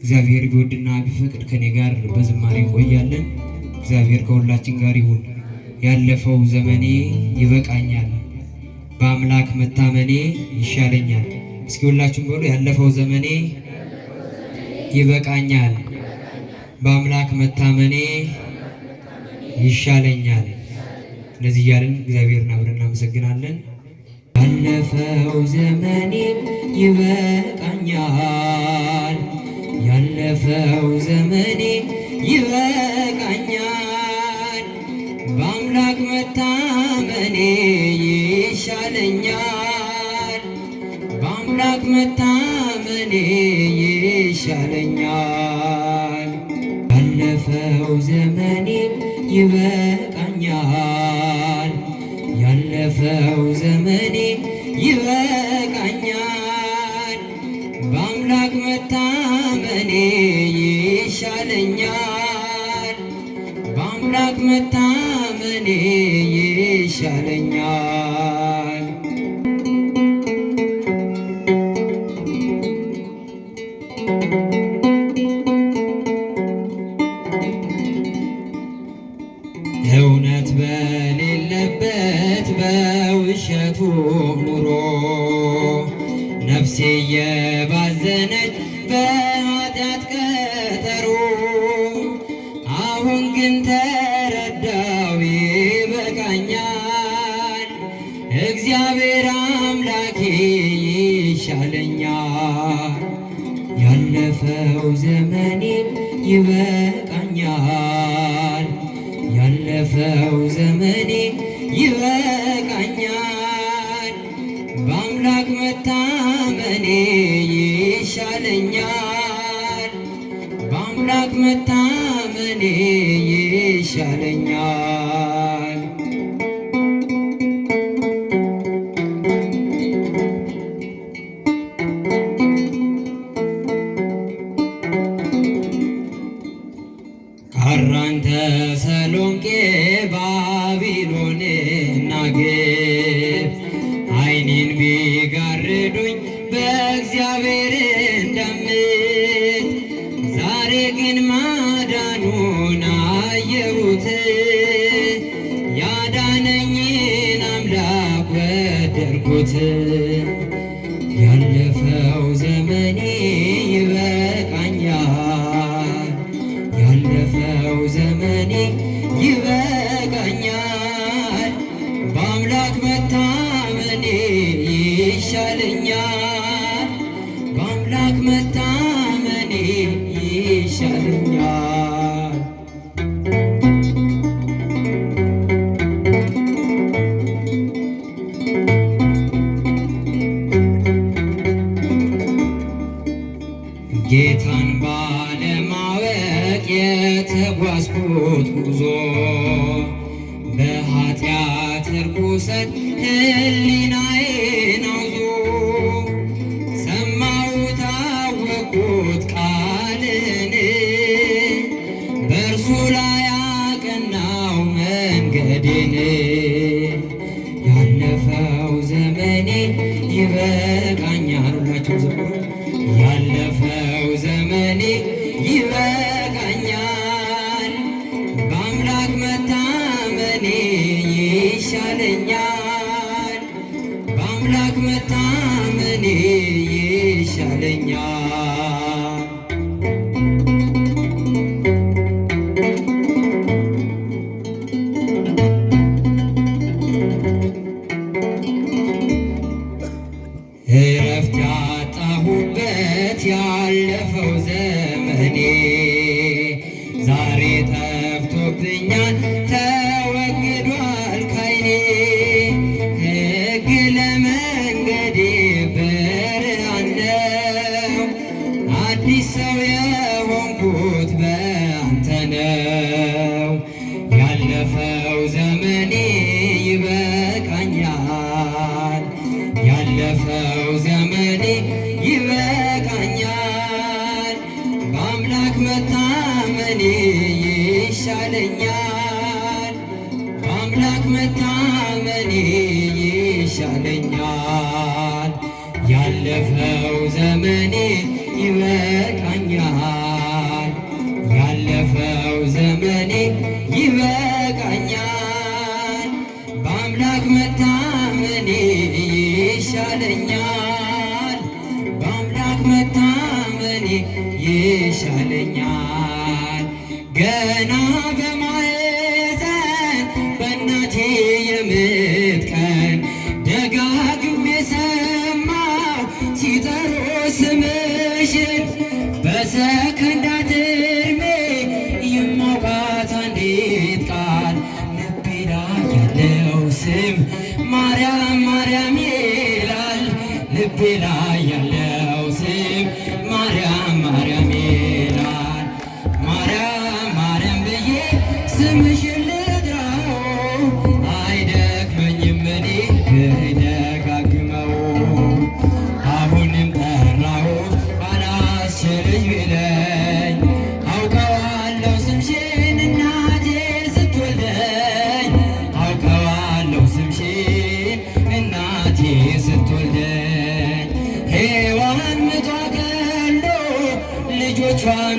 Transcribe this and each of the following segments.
እግዚአብሔር ቢወድና ቢፈቅድ ከኔ ጋር በዝማሬ እንቆያለን። እግዚአብሔር ከሁላችን ጋር ይሁን። ያለፈው ዘመኔ ይበቃኛል፣ በአምላክ መታመኔ ይሻለኛል። እስኪ ሁላችሁም በሉ ያለፈው ዘመኔ ይበቃኛል፣ በአምላክ መታመኔ ይሻለኛል። እንደዚህ እያለን እግዚአብሔርን አብረን እናመሰግናለን። ያለፈው ዘመኔ ይበቃኛል ያለፈው ዘመኔ ይበቃኛል፣ በአምላክ መታመኔ ይሻለኛል፣ በአምላክ መታመኔ ይሻለኛል፣ ያለፈው ዘመኔ ይበቃኛል፣ ያለፈው ዘመኔ ይበቃኛል፣ በአምላክ መታ ይሻለኛል በአምላክ መታመኔ ይሻለኛል። እውነት በሌለበት በውሸቱ ኑሮ ነፍሴ ይበቃኛል እግዚአብሔር አምላኬ ይሻለኛል ያለፈው ዘመኔ ይበቃኛል ያለፈው ዘመኔ ይበቃኛል በአምላክ መታመኔ ይሻለኛል በአምላክ መታመኔ ይሻለኛል ፊት ያለፈው ዘመኔ ይበቃኛል፣ ያለፈው ዘመኔ ይበቃኛል፣ በአምላክ መታመኔ ይሻለኛል፣ በአምላክ መታ ጌታን ባለማወቅ የተጓዝኩት ጉዞ በኃጢአት ርኩሰት ሕሊናዬን አውዞ ሰማሁት አወቅኩት ቃልን በእርሱ ላይ ያድነኛል በአምላክ መታመኔ አዲስ ሰው የሆንኩት በአንተ ነው። ያለፈው ዘመኔ ይበቃኛል፣ ያለፈው ዘመኔ ይበቃኛል። በአምላክ መታመኔ ይሻለኛል፣ በአምላክ መታመኔ ይሻለኛል። ያለፈው ዘመኔ ይበቃኛል፣ ያለፈው ዘመኔ ይበቃኛል፣ በአምላክ መታመኔ ይሻለኛል፣ በአምላክ መታመኔ ይሻለኛል። Kesmeyecek trying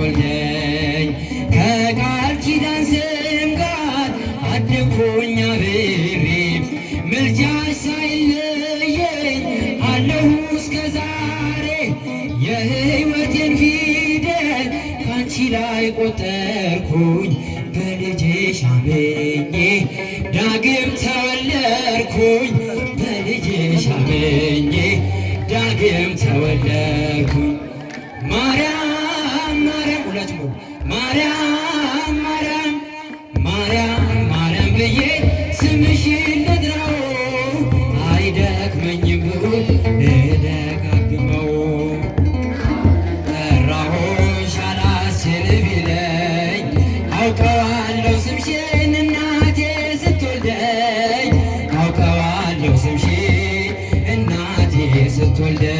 ሰርቶልኝ ከቃል ኪዳን ስም ጋር አድኩኝ አብሬ ምልጃሽ ሳይለየኝ አለሁ እስከ ዛሬ የህይወቴን ፊደል ካንቺ ላይ ቆጠርኩኝ በልጅሽ አምኜ ዳግም ተወለድኩኝ በልጅሽ አምኜ ዳግም ተወለድኩኝ ማርያም ማርያም ማርያም ማርያም ማርያም ብዬ ስምሽ ልጥራው አይደክመኝም ብሁል ልደጋግመው ጠራሁሽ አላስችል ቢለኝ አውቀዋለሁ ስምሽን እናቴ ስትወልደኝ አውቀዋለሁ ስምሽን እናቴ ስትወልደኝ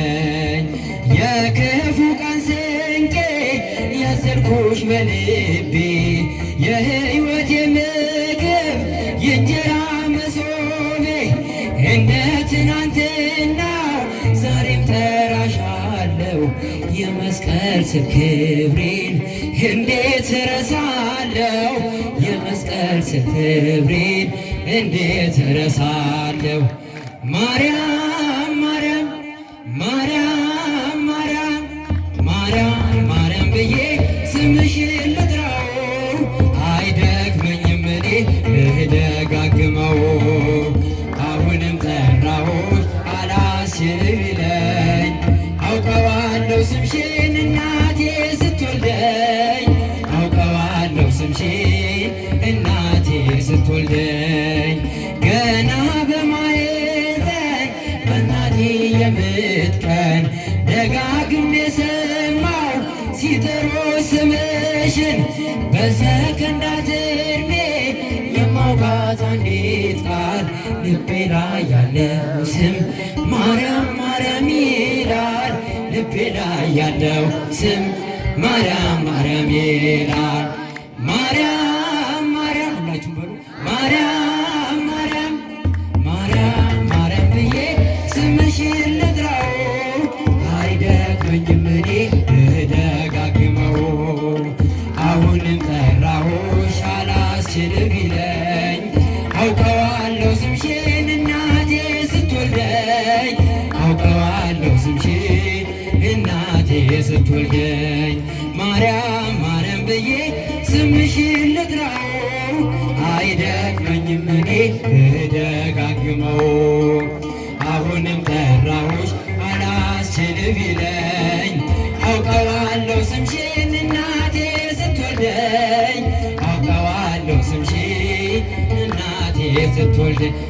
አኖርኩሽ በልቤ የህይወት የምግብ የእንጀራ መሶቤ እንደ ትናንትና ዛሬም ጠራሻለው የመስቀል ስር ክብሬን እንዴት ረሳለው የመስቀል ስር ክብሬን እንዴት ረሳለው ማርያም ማርያም ማርያም ክንዳትርሜ የማውቃት አንዲት ቃል ልቤ ላይ ያለው ስም ማርያም ማርያም ይላል። ልቤ ላይ ያለው ስም ማርያም ማርያም ይላል። ማርያም told you.